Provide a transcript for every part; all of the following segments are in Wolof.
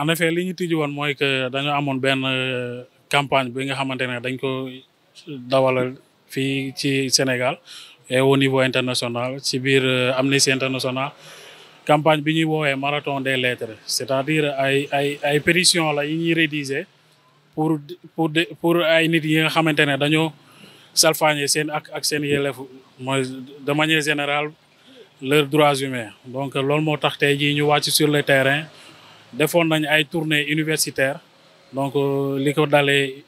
en effet li ñu tijji woon mooy que dañoo amoon benn euh, campagne bi nga xamante ne dañ ko dawalal fii ci Sénégal et au niveau international ci biir euh, Amnesty International campagne bi ñuy woowee marathon des lettres c'est-à-dire ay ay ay pétition la yi ñuy pour pour pour ay nit yi nga xamante ne dañoo salfaañe seen ak ak seen yelleefu mooy de manière général leurs droits humains donc loolu moo tax tey jii ñu wàcc sur le terrain defoon nañ ay tournées universitaire donc euh, li ko dalee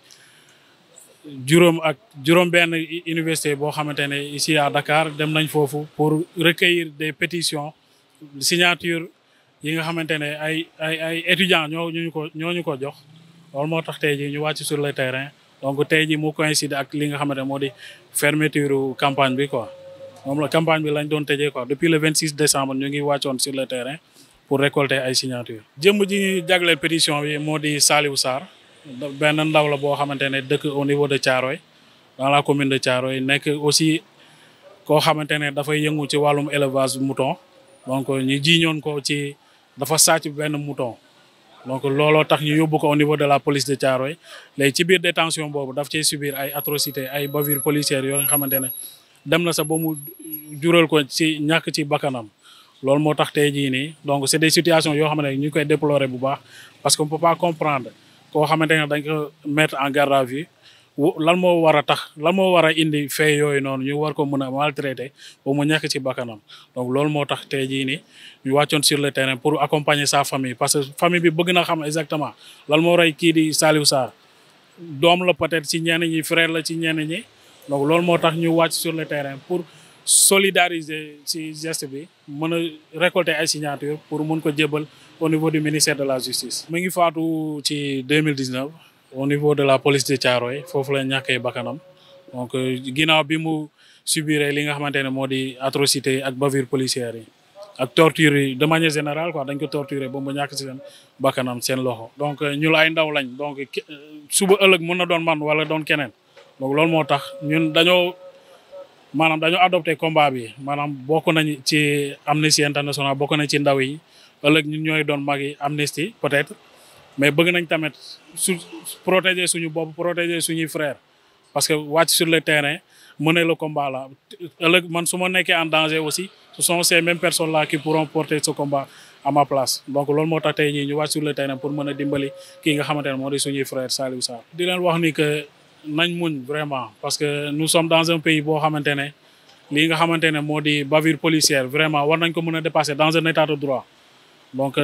juróom ak juróom-benn université boo xamante ne ici à Dakar dem nañ foofu pour recueillir des pétitions signature yi nga xamante ne ay ay ay étudiants ñoo ñu ko ñoo ñu ko jox loolu moo tax tey jii ñu wàcc sur le terrain. donc tey ji mu coïncide ak li nga xamante moo di fermeture campagne bi quoi moom la campagne bi lañ doon tëjee quoi depuis le 26 décembre ñu ngi wàccoon sur le terrain pour récolter ay signature jëmm ji ñuy jagleel pétition bi moo di Saliou saar benn ndaw la boo xamante ne dëkk au niveau de Thiaroye dans la commune de Thiaroye nekk aussi koo xamante ne dafay yëngu ci wàllum élevage mouton donc ñu jiiñoon ko ci dafa sàcc benn mouton donc looloo tax ñu yóbbu ko au niveau de la police de Thiaroye léegi ci biir détention boobu daf cee subir ay atrocité ay bavures policières yoo nga xamante ne dem na sa ba mu jural ko ci ñàkk ci bakkanam loolu moo tax tey jii nii donc c'est de situation yoo xam ne ñu koy déplorer bu baax parce que peut pas comprendre koo xamante ne dañ ko mettre en garde à lan moo war a tax lan moo war a indi fee yooyu noonu ñu war ko mën a maltraité ba mu ñàkk ci bakkanam donc loolu moo tax tey jii nii ñu wàccoon sur le terrain pour accompagner sa famille parce que famille bi bëgg na xam exactement lan moo rey kii di Saliou Sarr doom la peut-être ci ñenn ñi frère la ci ñenn ñi donc loolu moo tax ñu wàcc sur le terrain pour solidariser ci geste bi mën a récolter ay signature pour mën ko jëbal au niveau du ministère de la justice. mi ngi faatu ci 2019. au niveau de la police de Thiaroye foofu la ñàkkee bakkanam donc ginnaaw bi mu subiree li nga xamante ne moo di atrocité ak bavure policière yi ak torture yi de manière dañ ko torturer ba mu ñàkk si seen bakkanam seen loxo donc ñu ay ndaw lañ donc suba ëllëg mën na doon man wala doon keneen donc loolu moo tax ñun dañoo maanaam dañoo adopté combat bi maanaam bokk nañ ci Amnesty International bokk nañ ci ndaw yi ëllëg ñun ñooy doon mag yi Amnesty peut-être mais bëgg nañ tamit su protéger suñu bopp protéger suñuy frère parce que wàcc sur le terrain mener le combat là ëllëg man su ma nekkee en danger aussi ce sont même mêmes la là pour pourront porter ce combat à ma place donc loolu moo tax tey ñii ñu wàcc sur le terrain pour mën a dimbali kii nga xamante ne moo di suñuy frère Saliou Sarr di leen wax ni que nañ muñ vraiment parce que nu sommes dans un pays boo xamante ne lii nga xamante ne moo di bavure policière vraiment war nañ ko mën a dépasser dans un état de droit donc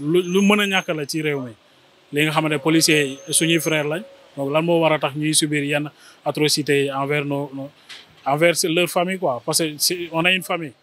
lu lu mën a ñàkk la ci réew mi li nga xamante policiers yi suñuy frère lañ donc lan moo war a tax ñuy subir yenn atrocités yi envers nos envers leur famille quoi parce que on a une famille